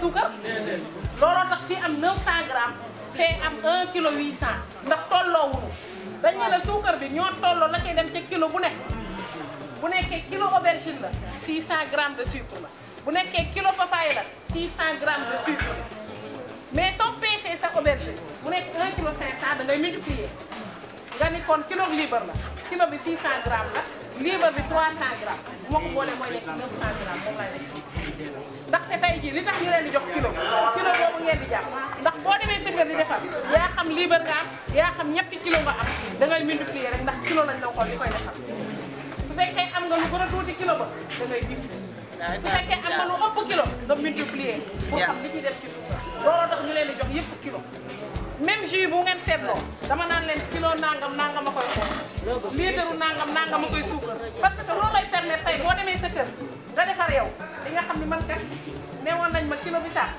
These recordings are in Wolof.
suukar looloo tax fii am 900 grammes fee am 1 kilo 800 ndax tolloowuñu dañ ne la suukar bi ñoo tolloo la koy dem ca kilo bu ne 600 grammes de sucre la bu nekkee 600 grammes de sucre la mais soo peesee sa aubergine mu nekk 1 kilo 500 da ngay multiplier nga ni kon kilo libre la 600 grammes la libre bi 300 grammes bu ma ko boolee mooy nekk ndaxte tey jii li tax ñu leen jox kilo kilo boobu ngeen di jàpp ndax boo demee secteur di defar yaa xam liibar nga am yaa xam ñetti kilo nga am da ngay multiplier rek ndax kilo lañ la xool li koy defar su fekkee am nga lu gën a tuuti kilo ba da ngay dimb su fekkee am na lu ëpp kilo nga multiplier. pour xam li ciy def ci looloo tax ñu leen jox yëpp kilo. même jus bu ngeen seetloo dama naan leen kilo nangam nangam a koy xool litre nangam nangam a koy suukar parce que loolay permettre boo demee sa kër nga defar yow li nga xam ne man kat newoon nañ ma kilo bi sax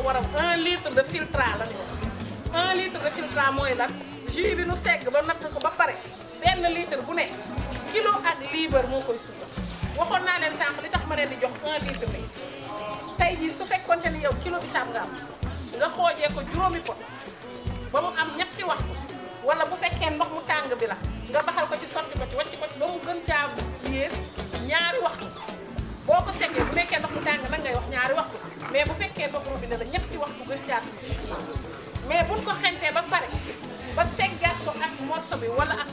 ko waral un litre de filtrant la ñu wax un litre de filtrant mooy lan jus bi nu segg ba natt ko ba pare benn litre bu ne kilo ak liibar moo koy suufa waxoon naa leen sànq li tax ma leen di jox un litre bi tey jii su fekkonte ni yow kilo bi saab nga am nga xoojee ko juróomi pot ba mu am ñetti waxtu wala bu fekkee ndox mu tàng bi la nga baxal ko ci sotti ko ci wacc ko ci ba mu gën caa yées ñaari waxtu boo ko seetee bu nekkee ndox mu tàng nag ngay wax ñaari waxtu mais bu fekkee ndox robinet la ñetti waxtu gën jaar ci si mais buñ ko xentee ba pare ba seggaat ko ak morso bi wala ak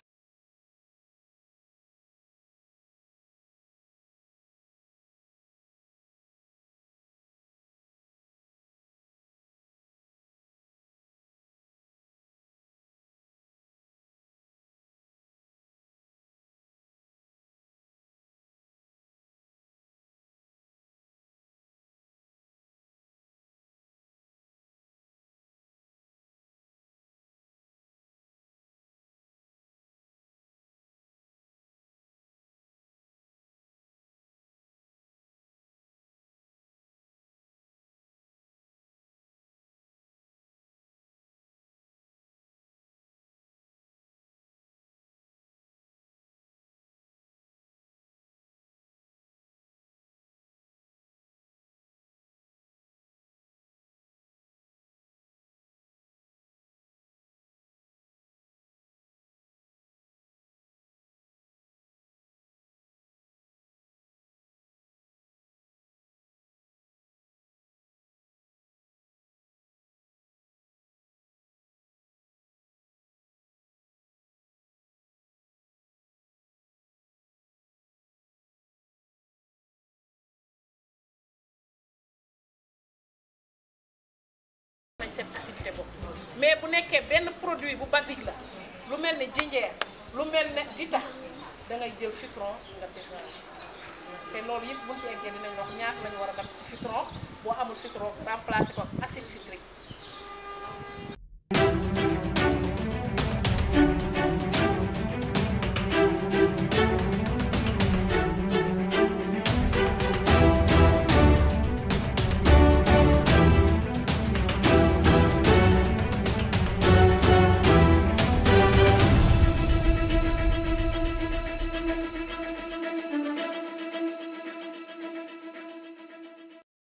seen acidité bopp mais bu nekkee benn produit bu basique la lu mel ne jinjeer lu mel ne ditax da ngay jël citron nga défrangé te loolu yëpp buñ ci eggee dinañ wax ñaata la ñu war a def ci citron boo amul citron remplacé ko acide citrique